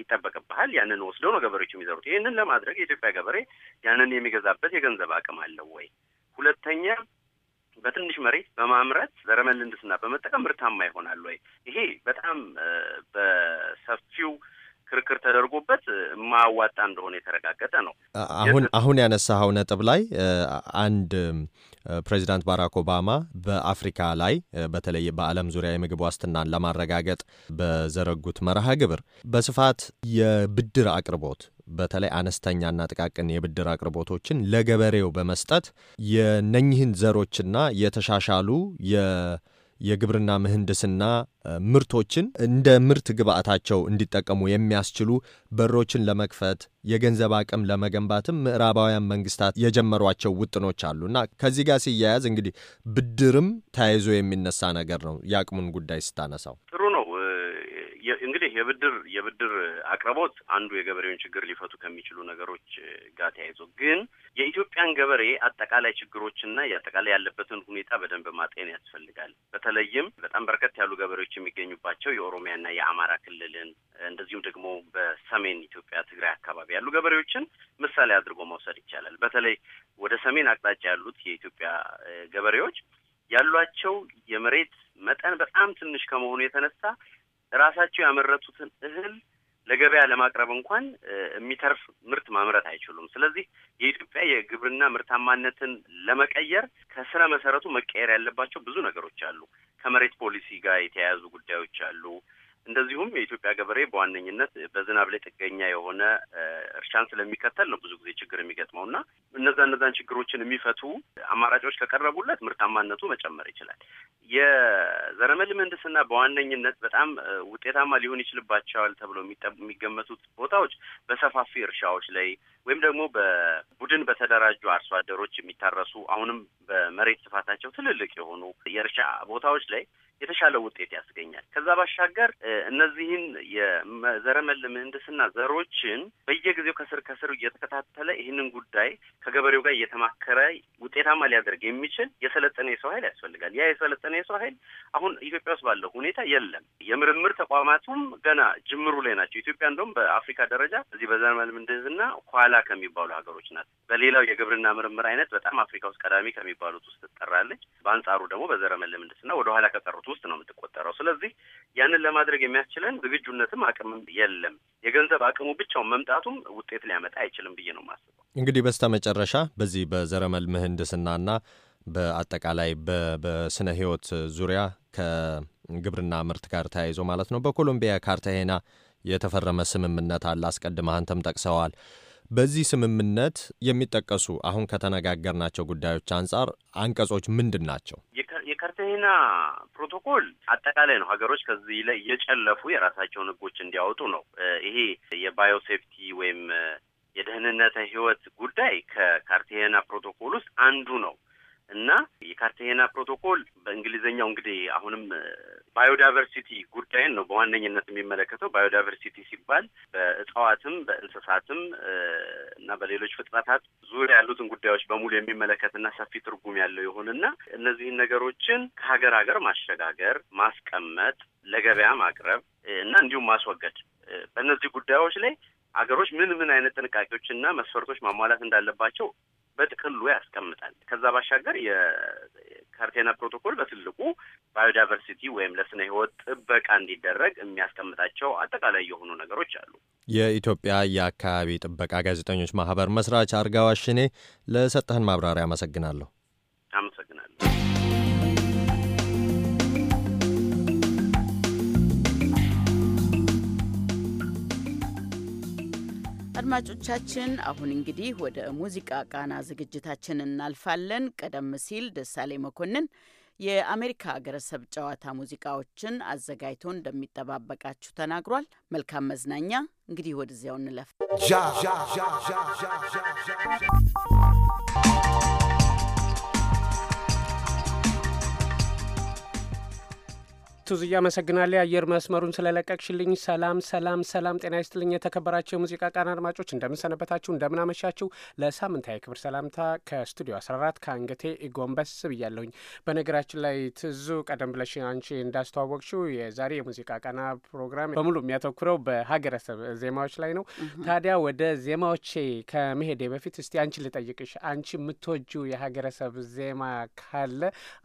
ይጠበቅብሃል። ያንን ወስደው ነው ገበሬዎች የሚዘሩት። ይህንን ለማድረግ የኢትዮጵያ ገበሬ ያንን የሚገዛበት የገንዘብ አቅም አለው ወይ? ሁለተኛ በትንሽ መሬት በማምረት ዘረመል ምህንድስና በመጠቀም ምርታማ ይሆናል ወይ? ይሄ በጣም በሰፊው ክርክር ተደርጎበት ማዋጣ እንደሆነ የተረጋገጠ ነው። አሁን አሁን ያነሳኸው ነጥብ ላይ አንድ ፕሬዚዳንት ባራክ ኦባማ በአፍሪካ ላይ በተለይ በዓለም ዙሪያ የምግብ ዋስትናን ለማረጋገጥ በዘረጉት መርሃ ግብር በስፋት የብድር አቅርቦት በተለይ አነስተኛና ጥቃቅን የብድር አቅርቦቶችን ለገበሬው በመስጠት የነኝህን ዘሮችና የተሻሻሉ የግብርና ምህንድስና ምርቶችን እንደ ምርት ግብአታቸው እንዲጠቀሙ የሚያስችሉ በሮችን ለመክፈት የገንዘብ አቅም ለመገንባትም ምዕራባውያን መንግስታት የጀመሯቸው ውጥኖች አሉ እና ከዚህ ጋር ሲያያዝ እንግዲህ ብድርም ተያይዞ የሚነሳ ነገር ነው። የአቅሙን ጉዳይ ስታነሳው ጥሩ እንግዲህ የብድር የብድር አቅርቦት አንዱ የገበሬውን ችግር ሊፈቱ ከሚችሉ ነገሮች ጋር ተያይዞ ግን የኢትዮጵያን ገበሬ አጠቃላይ ችግሮችና የአጠቃላይ ያለበትን ሁኔታ በደንብ ማጤን ያስፈልጋል። በተለይም በጣም በርከት ያሉ ገበሬዎች የሚገኙባቸው የኦሮሚያና የአማራ ክልልን እንደዚሁም ደግሞ በሰሜን ኢትዮጵያ ትግራይ አካባቢ ያሉ ገበሬዎችን ምሳሌ አድርጎ መውሰድ ይቻላል። በተለይ ወደ ሰሜን አቅጣጫ ያሉት የኢትዮጵያ ገበሬዎች ያሏቸው የመሬት መጠን በጣም ትንሽ ከመሆኑ የተነሳ ራሳቸው ያመረቱትን እህል ለገበያ ለማቅረብ እንኳን የሚተርፍ ምርት ማምረት አይችሉም። ስለዚህ የኢትዮጵያ የግብርና ምርታማነትን ለመቀየር ከስረ መሰረቱ መቀየር ያለባቸው ብዙ ነገሮች አሉ። ከመሬት ፖሊሲ ጋር የተያያዙ ጉዳዮች አሉ። እንደዚሁም የኢትዮጵያ ገበሬ በዋነኝነት በዝናብ ላይ ጥገኛ የሆነ እርሻን ስለሚከተል ነው ብዙ ጊዜ ችግር የሚገጥመው እና እነዛ እነዛን ችግሮችን የሚፈቱ አማራጮች ከቀረቡለት ምርታማነቱ መጨመር ይችላል። የዘረመል ምህንድስና በዋነኝነት በጣም ውጤታማ ሊሆን ይችልባቸዋል ተብሎ የሚገመቱት ቦታዎች በሰፋፊ እርሻዎች ላይ ወይም ደግሞ በቡድን በተደራጁ አርሶ አደሮች የሚታረሱ አሁንም በመሬት ስፋታቸው ትልልቅ የሆኑ የእርሻ ቦታዎች ላይ የተሻለ ውጤት ያስገኛል። ከዛ ባሻገር እነዚህን የዘረመል ምህንድስና ዘሮችን በየጊዜው ከስር ከስር እየተከታተለ ይህንን ጉዳይ ከገበሬው ጋር እየተማከረ ውጤታማ ሊያደርግ የሚችል የሰለጠነ የሰው ኃይል ያስፈልጋል። ያ የሰለጠነ የሰው ኃይል አሁን ኢትዮጵያ ውስጥ ባለው ሁኔታ የለም። የምርምር ተቋማቱም ገና ጅምሩ ላይ ናቸው። ኢትዮጵያ እንደውም በአፍሪካ ደረጃ እዚህ በዘረመል ምህንድስና ኋላ ከሚባሉ ሀገሮች ናት። በሌላው የግብርና ምርምር አይነት በጣም አፍሪካ ውስጥ ቀዳሚ ከሚባሉት ውስጥ ትጠራለች። በአንጻሩ ደግሞ በዘረመል ምህንድስና ወደ ኋላ ከቀሩት ውስጥ ነው የምትቆጠረው። ስለዚህ ያንን ለማድረግ የሚያስችለን ዝግጁነትም አቅምም የለም። የገንዘብ አቅሙ ብቻውን መምጣቱም ውጤት ሊያመጣ አይችልም ብዬ ነው የማስበው። እንግዲህ በስተ መጨረሻ በዚህ በዘረመል ምህንድስናና በአጠቃላይ በስነ ህይወት ዙሪያ ከግብርና ምርት ጋር ተያይዞ ማለት ነው በኮሎምቢያ ካርታሄና የተፈረመ ስምምነት አለ። አስቀድመህ አንተም ጠቅሰዋል። በዚህ ስምምነት የሚጠቀሱ አሁን ከተነጋገርናቸው ጉዳዮች አንጻር አንቀጾች ምንድን ናቸው? የካርቴና ፕሮቶኮል አጠቃላይ ነው። ሀገሮች ከዚህ ላይ እየጨለፉ የራሳቸውን ህጎች እንዲያወጡ ነው። ይሄ የባዮሴፍቲ ወይም የደህንነት ህይወት ጉዳይ ከካርቴና ፕሮቶኮል ውስጥ አንዱ ነው። እና የካርቴሄና ፕሮቶኮል በእንግሊዝኛው እንግዲህ አሁንም ባዮዳይቨርሲቲ ጉዳይን ነው በዋነኝነት የሚመለከተው። ባዮዳይቨርሲቲ ሲባል በእጽዋትም በእንስሳትም እና በሌሎች ፍጥረታት ዙሪያ ያሉትን ጉዳዮች በሙሉ የሚመለከትና ሰፊ ትርጉም ያለው ይሁንና እነዚህን ነገሮችን ከሀገር ሀገር ማሸጋገር፣ ማስቀመጥ፣ ለገበያ ማቅረብ እና እንዲሁም ማስወገድ በእነዚህ ጉዳዮች ላይ ሀገሮች ምን ምን አይነት ጥንቃቄዎችና መስፈርቶች ማሟላት እንዳለባቸው በጥቅሉ ያስቀምጣል። ከዛ ባሻገር የካርቴና ፕሮቶኮል በትልቁ ባዮዳይቨርሲቲ ወይም ለስነ ህይወት ጥበቃ እንዲደረግ የሚያስቀምጣቸው አጠቃላይ የሆኑ ነገሮች አሉ። የኢትዮጵያ የአካባቢ ጥበቃ ጋዜጠኞች ማህበር መስራች አርጋዋሽኔ፣ ለሰጠህን ማብራሪያ አመሰግናለሁ። አድማጮቻችን አሁን እንግዲህ ወደ ሙዚቃ ቃና ዝግጅታችን እናልፋለን። ቀደም ሲል ደሳሌ መኮንን የአሜሪካ ሀገረሰብ ጨዋታ ሙዚቃዎችን አዘጋጅቶ እንደሚጠባበቃችሁ ተናግሯል። መልካም መዝናኛ። እንግዲህ ወደዚያው እንለፍ። ቱዝያ አመሰግናለ አየር መስመሩን ስለለቀቅሽልኝ። ሰላም ሰላም ሰላም፣ ጤና ይስጥልኝ። የተከበራቸው የሙዚቃ ቃና አድማጮች እንደምንሰነበታችሁ፣ እንደምናመሻችሁ። ለሳምንታዊ ክብር ሰላምታ ከስቱዲዮ 14 ከአንገቴ ጎንበስ ብያለሁኝ። በነገራችን ላይ ትዙ፣ ቀደም ብለሽ አንቺ እንዳስተዋወቅሽው የዛሬ የሙዚቃ ቃና ፕሮግራም በሙሉ የሚያተኩረው በሀገረሰብ ዜማዎች ላይ ነው። ታዲያ ወደ ዜማዎቼ ከመሄዴ በፊት እስቲ አንቺ ልጠይቅሽ፣ አንቺ የምትወጁ የሀገረሰብ ዜማ ካለ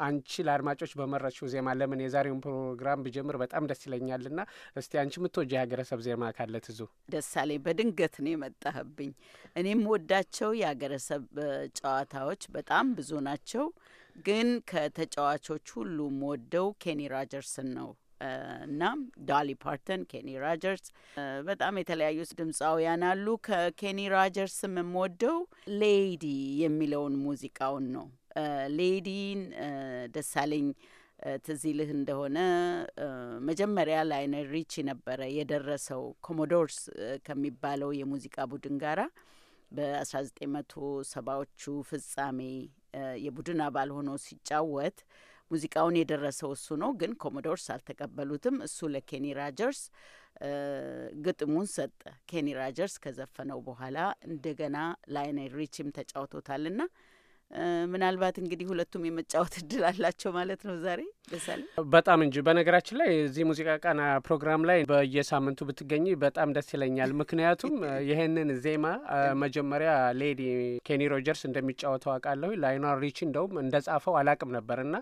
አንቺ ለአድማጮች በመረችው ዜማ ለምን የዛሬውን ፕሮግራም ብጀምር በጣም ደስ ይለኛል። ና እስቲ አንቺ የምትወጂ የሀገረሰብ ዜማ ካለ ትዙ ደሳለኝ። በድንገት ነው የመጣህብኝ። እኔም ወዳቸው የሀገረሰብ ጨዋታዎች በጣም ብዙ ናቸው፣ ግን ከተጫዋቾች ሁሉ ወደው ኬኒ ሮጀርስን ነው እና ዳሊ ፓርተን፣ ኬኒ ሮጀርስ በጣም የተለያዩ ድምፃውያን አሉ። ከኬኒ ሮጀርስም የምወደው ሌዲ የሚለውን ሙዚቃውን ነው። ሌዲን ደሳለኝ ትዝ እንደሆነ መጀመሪያ ላይነር ሪች ነበረ የደረሰው ኮሞዶርስ ከሚባለው የሙዚቃ ቡድን ጋራ በ መቶ ሰባዎቹ ፍጻሜ የቡድን አባል ሆኖ ሲጫወት ሙዚቃውን የደረሰው እሱ ነው። ግን ኮሞዶርስ አልተቀበሉትም። እሱ ለኬኒ ራጀርስ ግጥሙን ሰጠ። ኬኒ ራጀርስ ከዘፈነው በኋላ እንደገና ላይነር ሪችም ተጫውቶታልና ምናልባት እንግዲህ ሁለቱም የመጫወት እድል አላቸው ማለት ነው። ዛሬ ደሳሌ በጣም እንጂ። በነገራችን ላይ እዚህ ሙዚቃ ቃና ፕሮግራም ላይ በየሳምንቱ ብትገኝ በጣም ደስ ይለኛል። ምክንያቱም ይህንን ዜማ መጀመሪያ ሌዲ ኬኒ ሮጀርስ እንደሚጫወተው አውቃለሁ። ላይኗር ሪቺ እንደውም እንደ ጻፈው አላቅም ነበር እና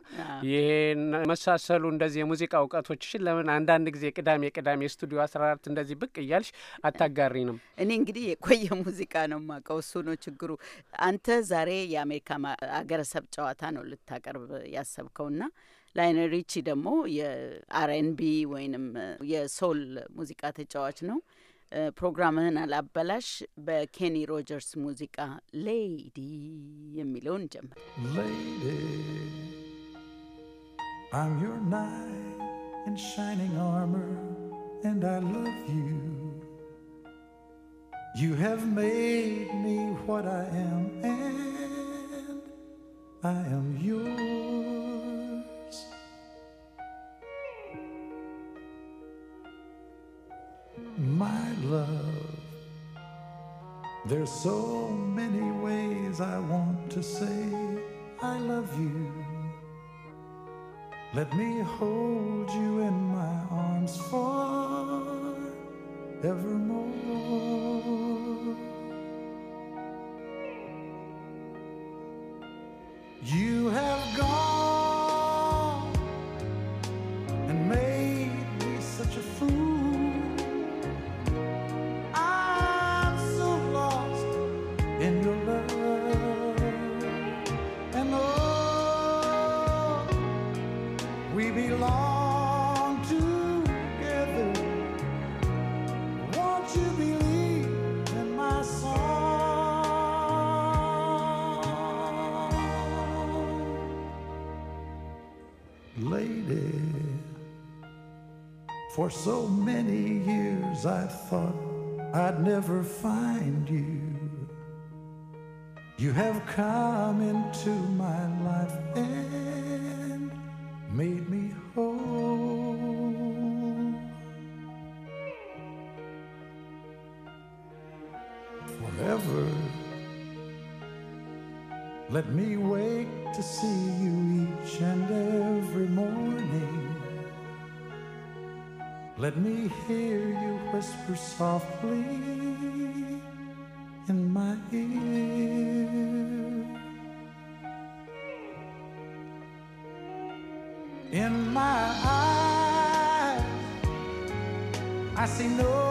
ይሄን መሳሰሉ እንደዚህ የሙዚቃ እውቀቶችሽን ለምን አንዳንድ ጊዜ ቅዳሜ ቅዳሜ ስቱዲዮ አስራ አራት እንደዚህ ብቅ እያልሽ አታጋሪ እኔ እንግዲህ የቆየ ሙዚቃ ነው ማቀው እሱ ነው ችግሩ። አንተ ዛሬ የአሜሪካ አገረሰብ ጨዋታ ነው ልታቀርብ ና ላይነ ሪቺ ደግሞ የአርኤንቢ ወይንም የሶል ሙዚቃ ተጫዋች ነው። ፕሮግራምህን አላበላሽ በኬኒ ሮጀርስ ሙዚቃ ሌዲ የሚለውን ጀምር። I'm your knight in shining armor, and I love you. You have made me what I am, and I am yours. My love, there's so many ways I want to say I love you. Let me hold you in my arms forevermore. You For so many years I thought I'd never find you. You have come into my I say no.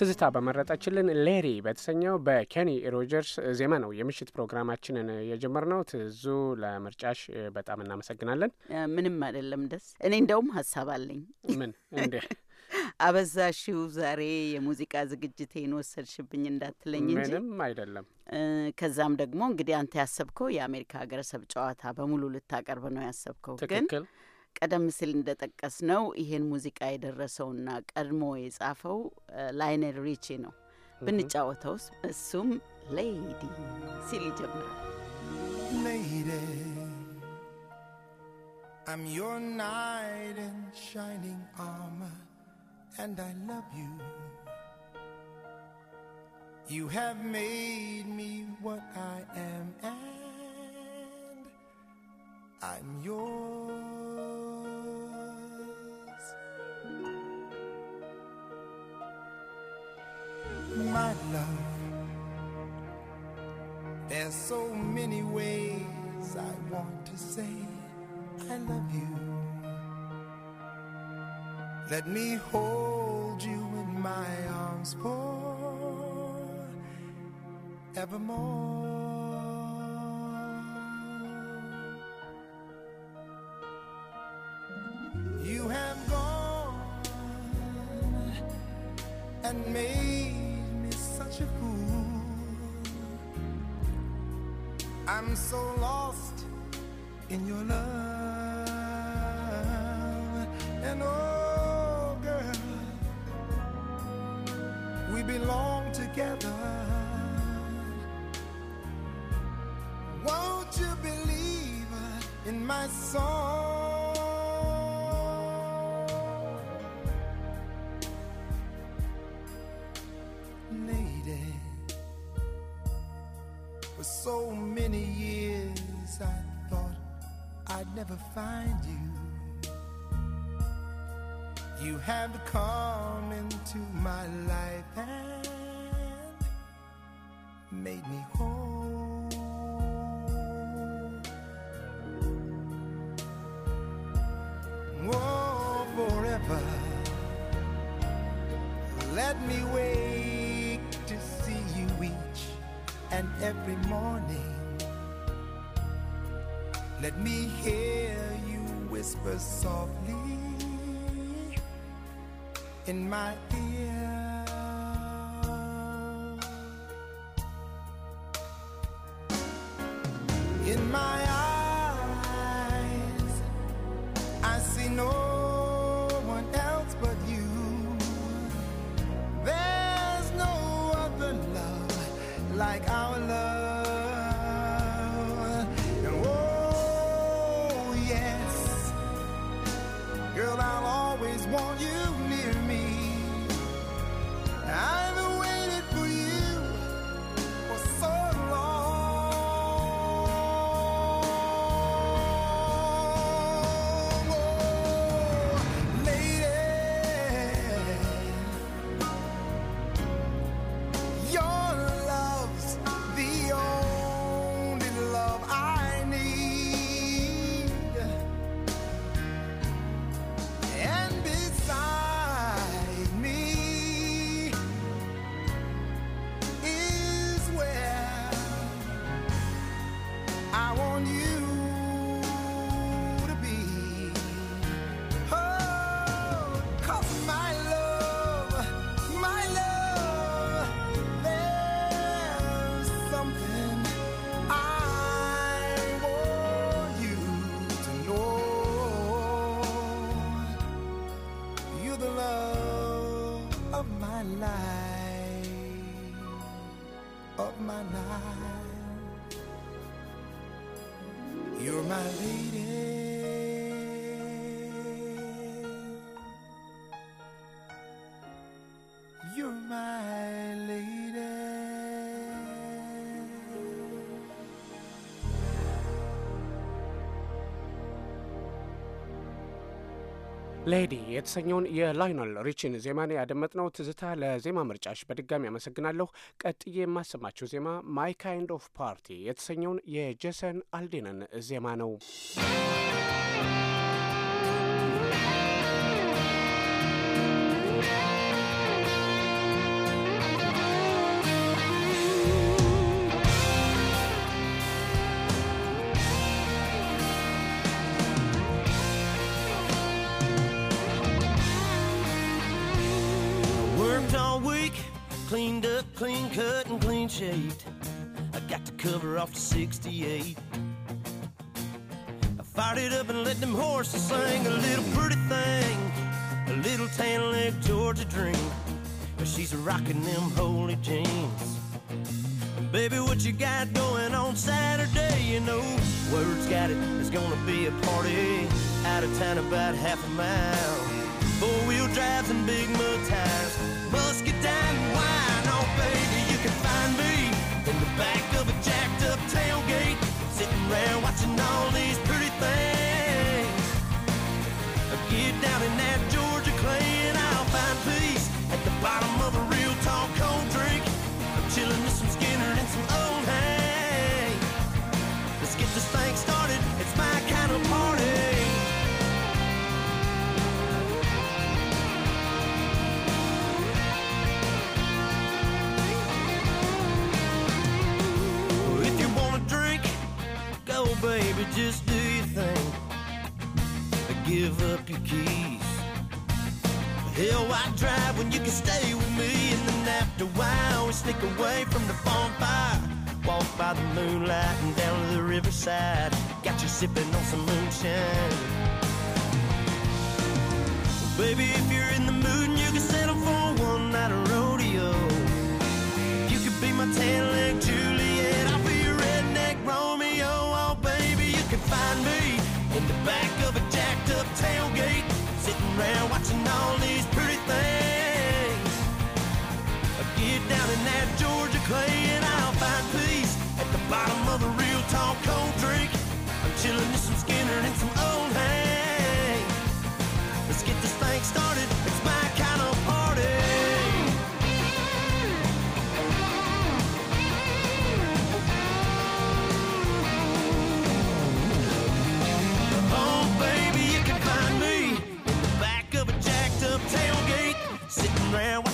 ትዝታ በመረጠችልን ሌሪ በተሰኘው በኬኒ ሮጀርስ ዜማ ነው የምሽት ፕሮግራማችንን የጀመርነው። ትዙ ለምርጫሽ በጣም እናመሰግናለን። ምንም አይደለም ደስ እኔ እንደውም ሀሳብ አለኝ። ምን እንደ አበዛሽው ዛሬ የሙዚቃ ዝግጅቴን ወሰድሽብኝ እንዳትለኝ እንጂ ምንም አይደለም። ከዛም ደግሞ እንግዲህ አንተ ያሰብከው የአሜሪካ ሀገረሰብ ጨዋታ በሙሉ ልታቀርብ ነው ያሰብከው ግን ቀደም ሲል እንደጠቀስ ነው ይሄን ሙዚቃ የደረሰውና ቀድሞ የጻፈው ላይኔል ሪቺ ነው። ብንጫወተው እሱም ሌይዲ ሲል ይጀምራል። I'm your knight in shining armor, and I love you. You have made me what I am, and I'm yours. my love. There's so many ways I want to say I love you. Let me hold you in my arms forevermore. Long together. Won't you believe in my song? Lady, for so many years I thought I'd never find you. You have come. and every morning. Let me hear you whisper softly in my ear. ሌዲ የተሰኘውን የላይኖል ሪችን ዜማን ያደመጥነው። ትዝታ ለዜማ ምርጫሽ በድጋሚ አመሰግናለሁ። ቀጥዬ የማሰማችው ዜማ ማይ ካይንድ ኦፍ ፓርቲ የተሰኘውን የጄሰን አልዲንን ዜማ ነው። off to 68. I fired it up and let them horses sing a little pretty thing, a little tan leg Georgia dream. But she's rocking them holy jeans. Baby, what you got going on Saturday? You know, words got it. It's gonna be a party out of town, about half a mile. Four wheel drives and big mud tires. around watching all these pretty things. Get down in that. just do your thing. Give up your keys. Hell, why drive when you can stay with me? And then after a while, we sneak away from the bonfire. Walk by the moonlight and down to the riverside. Got you sipping on some moonshine. Baby, if you're in the mood and you can settle for one night rodeo, you could be my tan leg find me in the back of a jacked up tailgate, sitting around watching all these pretty things. I get down in that Georgia clay.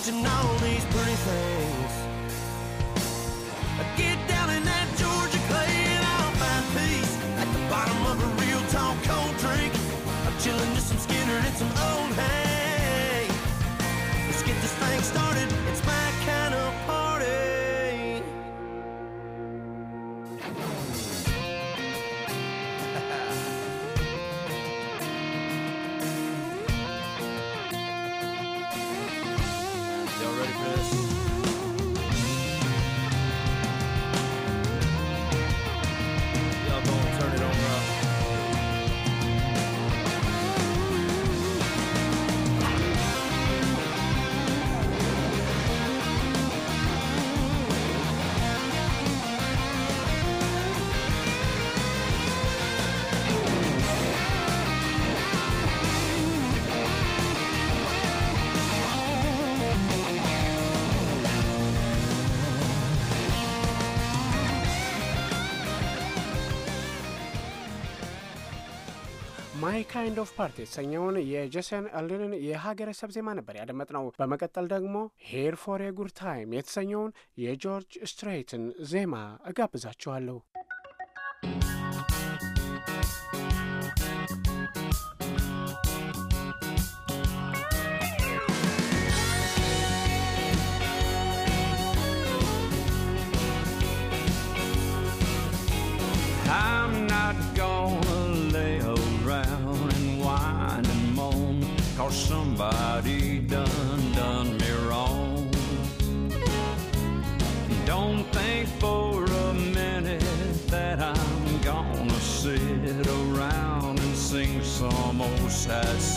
touching all these pretty things. ማይ ካይንድ ኦፍ ፓርቲ የተሰኘውን የጄሰን የሀገረ የሀገረሰብ ዜማ ነበር ያደመጥ ነው። በመቀጠል ደግሞ ሄር ፎር ኤ ጉድ ታይም የተሰኘውን የጆርጅ ስትሬይትን ዜማ እጋብዛችኋለሁ። somebody done done me wrong. Don't think for a minute that I'm gonna sit around and sing some old sad songs.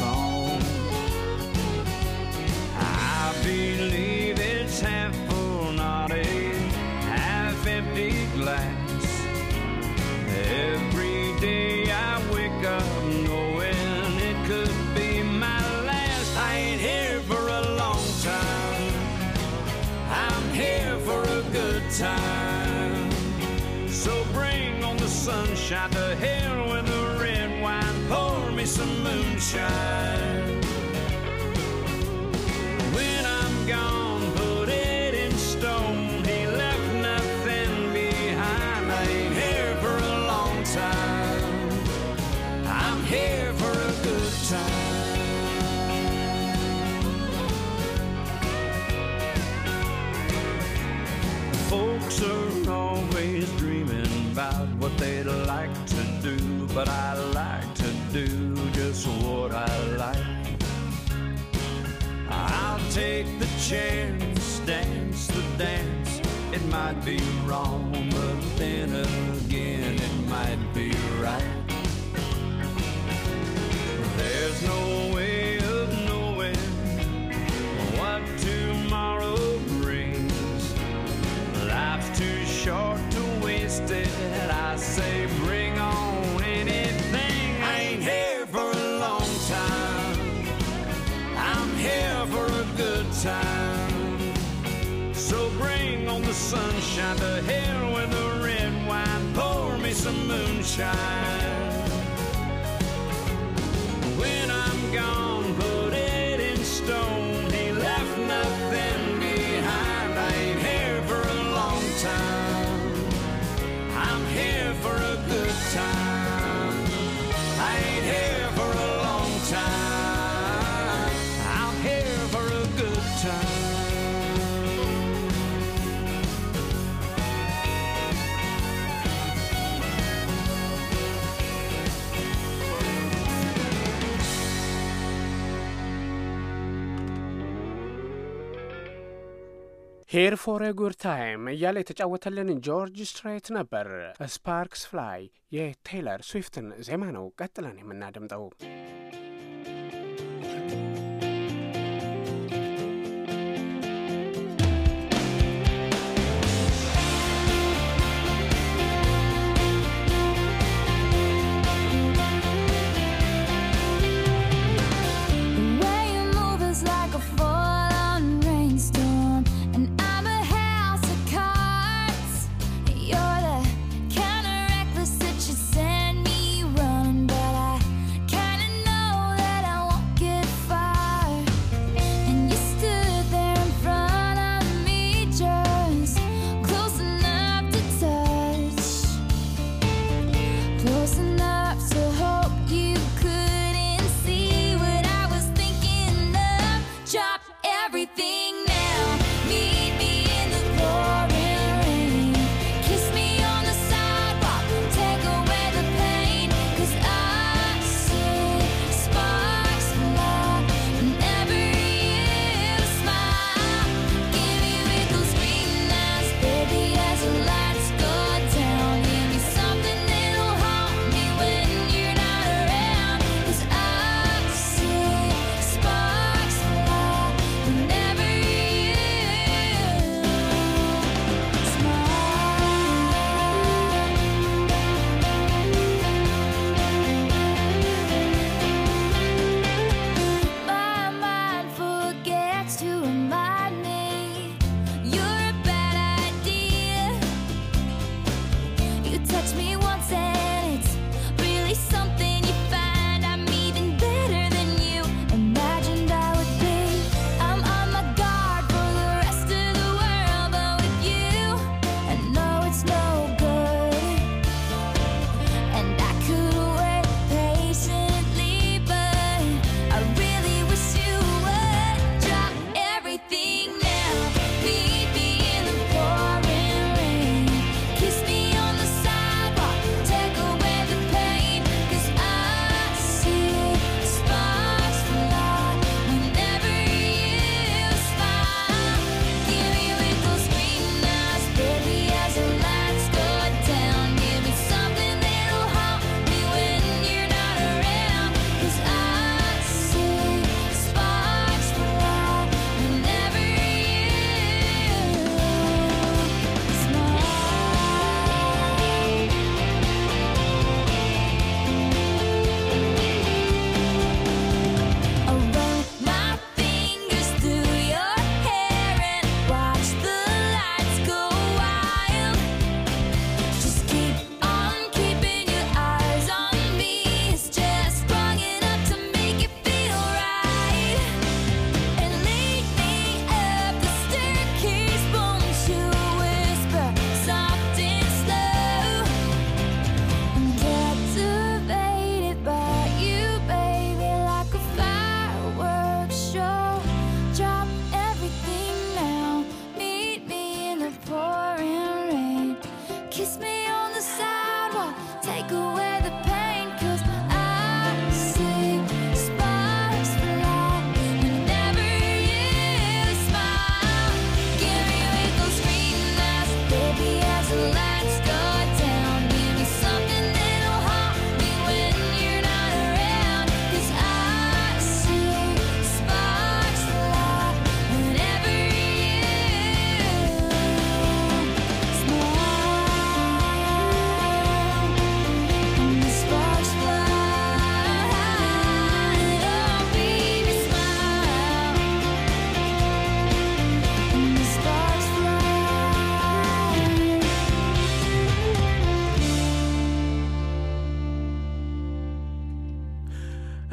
shot the hell with the red wine. Pour me some moonshine. ሄር ፎር ጉድ ታይም እያለ የተጫወተልን ጆርጅ ስትሬት ነበር። ስፓርክስ ፍላይ የቴይለር ስዊፍትን ዜማ ነው ቀጥለን የምናደምጠው።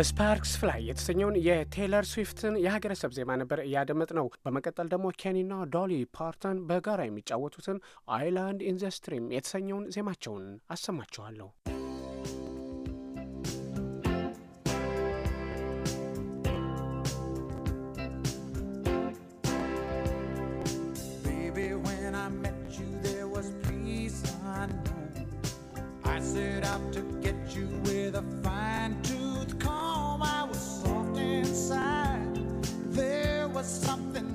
ስፓርክስ ፍላይ የተሰኘውን የቴይለር ስዊፍትን የሀገረሰብ ዜማ ነበር እያደመጥ ነው። በመቀጠል ደግሞ ኬኒና ዶሊ ፓርተን በጋራ የሚጫወቱትን አይላንድ ኢንዘስትሪም የተሰኘውን ዜማቸውን አሰማችኋለሁ። I set out to get you with a fine tooth inside there was something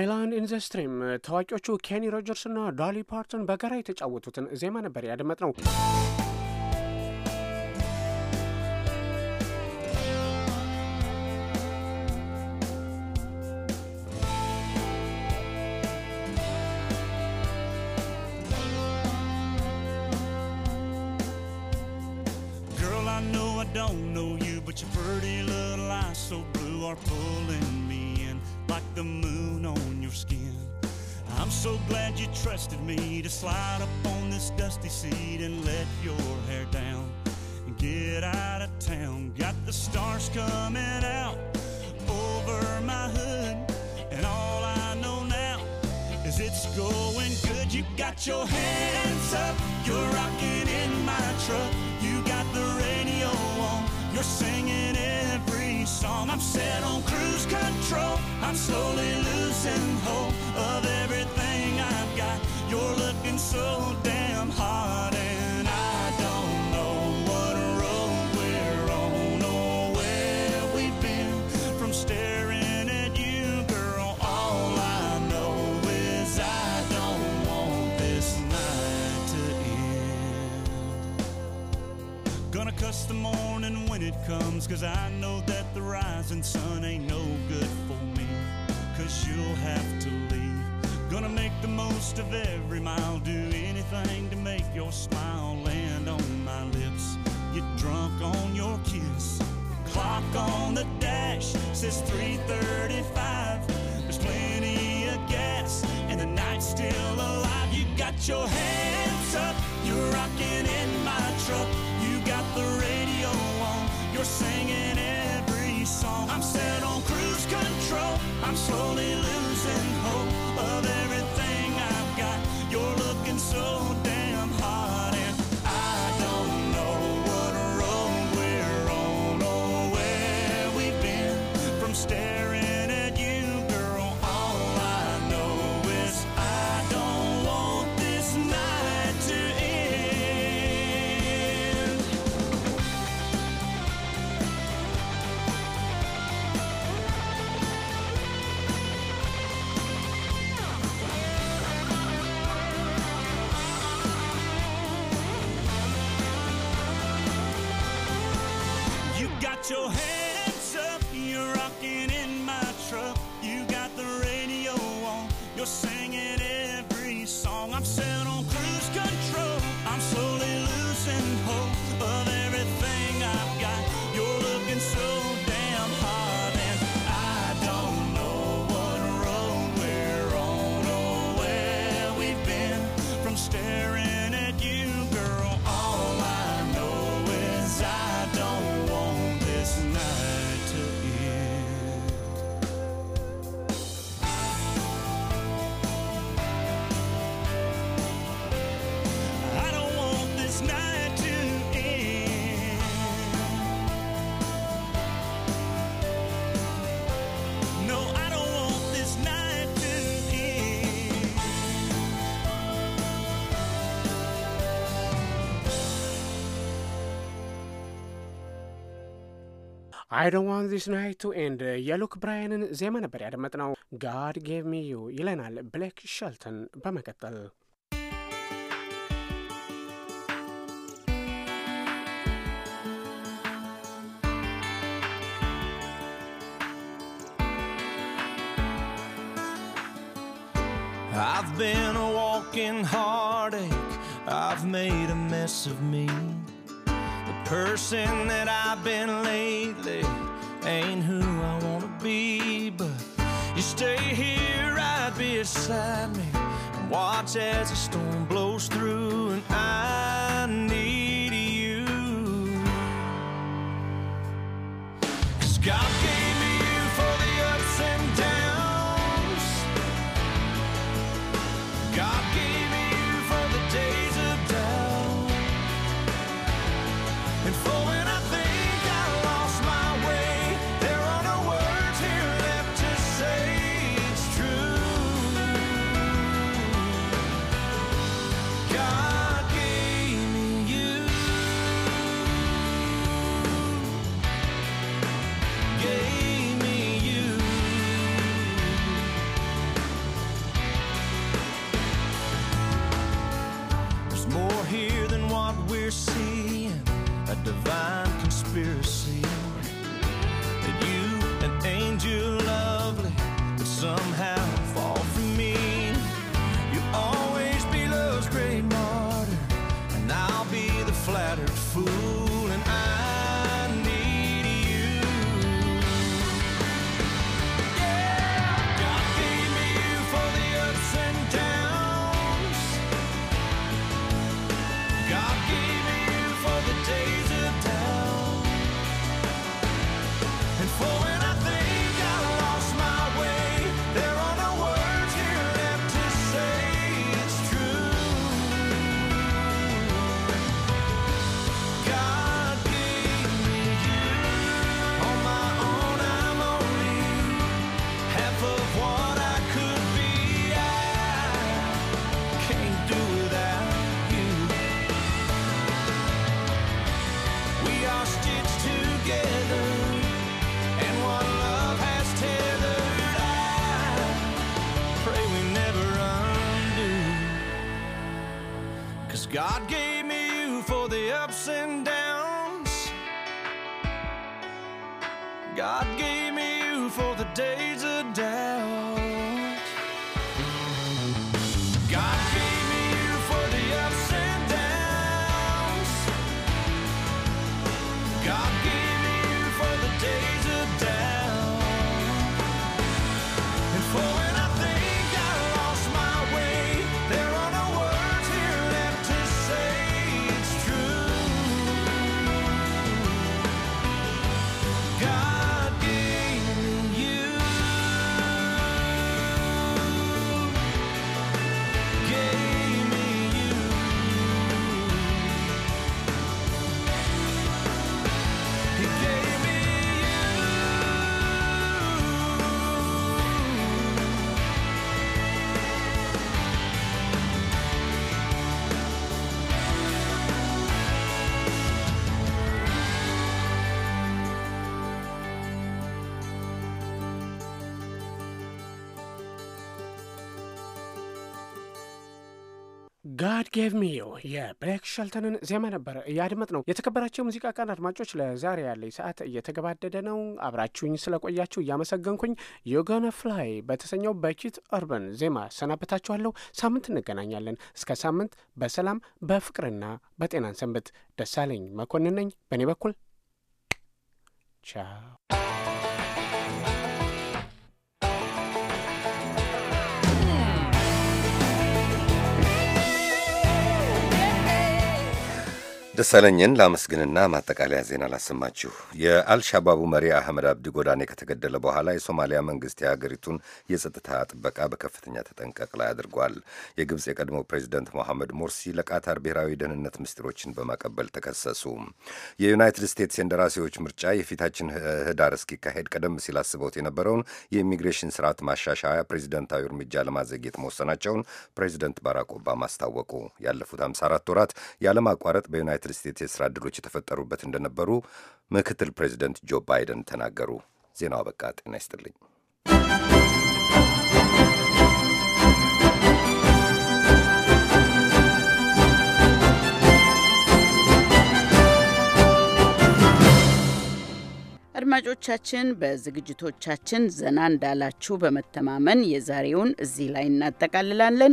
አይላንድ ኢን ዘ ስትሪም ታዋቂዎቹ ኬኒ ሮጀርስና ዳሊ ፓርቶን በጋራ የተጫወቱትን ዜማ ነበር ያደመጥ ነው። going good. You got your hands up. You're rocking in my truck. You got the radio on. You're singing every song. I'm set on cruise control. I'm slowly losing hold of everything I've got. You're looking so damn hot. and. trust the morning when it comes, cause I know that the rising sun ain't no good for me, cause you'll have to leave. Gonna make the most of every mile, do anything to make your smile land on my lips. Get drunk on your kiss. clock on the dash says 3:35. There's plenty of gas, and the night's still alive. You got your hands up, you're rocking in my truck we singing every song. I'm set on cruise control. I'm slowly losing hope of everything. got your hand አይ ዶንት ዋንት ዚስ ናይት ቱ ኤንድ የሉክ ብራያንን ዜማ ነበር ያደመጥነው። ጋድ ጌቭ ሚ ዩ ይለናል ብሌክ ሸልተን በመቀጠል I've been a walking heartache. I've made a mess of me person that I've been lately ain't who I wanna be, but you stay here right beside me and watch as the storm blows through, and I need you. Cause God God gave me you for the day. ጌቭ ሚ ዩ የብሌክ ሸልተንን ዜማ ነበር እያድመጥ ነው። የተከበራቸው የሙዚቃ ቀን አድማጮች፣ ለዛሬ ያለኝ ሰዓት እየተገባደደ ነው። አብራችሁኝ ስለቆያችሁ እያመሰገንኩኝ ዮጋነ ፍላይ በተሰኘው በኪት ኦርበን ዜማ ሰናበታችኋለሁ። ሳምንት እንገናኛለን። እስከ ሳምንት በሰላም በፍቅርና በጤናን ሰንብት። ደሳለኝ መኮንን ነኝ በእኔ በኩል ቻው። ደሳለኝን ለአመስግንና ማጠቃለያ ዜና ላሰማችሁ። የአልሻባቡ መሪ አህመድ አብዲ ጎዳኔ ከተገደለ በኋላ የሶማሊያ መንግስት የሀገሪቱን የጸጥታ ጥበቃ በከፍተኛ ተጠንቀቅ ላይ አድርጓል። የግብፅ የቀድሞ ፕሬዚደንት ሞሐመድ ሞርሲ ለቃታር ብሔራዊ ደህንነት ምስጢሮችን በማቀበል ተከሰሱ። የዩናይትድ ስቴትስ የእንደራሴዎች ምርጫ የፊታችን ህዳር እስኪካሄድ ቀደም ሲል አስበውት የነበረውን የኢሚግሬሽን ስርዓት ማሻሻያ ፕሬዚደንታዊ እርምጃ ለማዘግየት መወሰናቸውን ፕሬዚደንት ባራክ ኦባማ አስታወቁ። ያለፉት 54 ወራት ያለማቋረጥ በዩናይትድ የዩናይትድ ስቴትስ የስራ ዕድሎች የተፈጠሩበት እንደነበሩ ምክትል ፕሬዚደንት ጆ ባይደን ተናገሩ። ዜናው አበቃ። ጤና ይስጥልኝ። አድማጮቻችን በዝግጅቶቻችን ዘና እንዳላችሁ በመተማመን የዛሬውን እዚህ ላይ እናጠቃልላለን።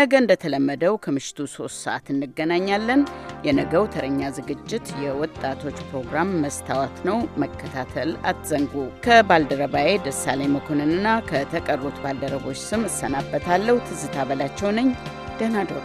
ነገ እንደተለመደው ከምሽቱ ሶስት ሰዓት እንገናኛለን። የነገው ተረኛ ዝግጅት የወጣቶች ፕሮግራም መስታወት ነው። መከታተል አትዘንጉ። ከባልደረባዬ ደሳሌ መኮንንና ከተቀሩት ባልደረቦች ስም እሰናበታለሁ። ትዝታ በላቸው ነኝ። ደህና ደሩ።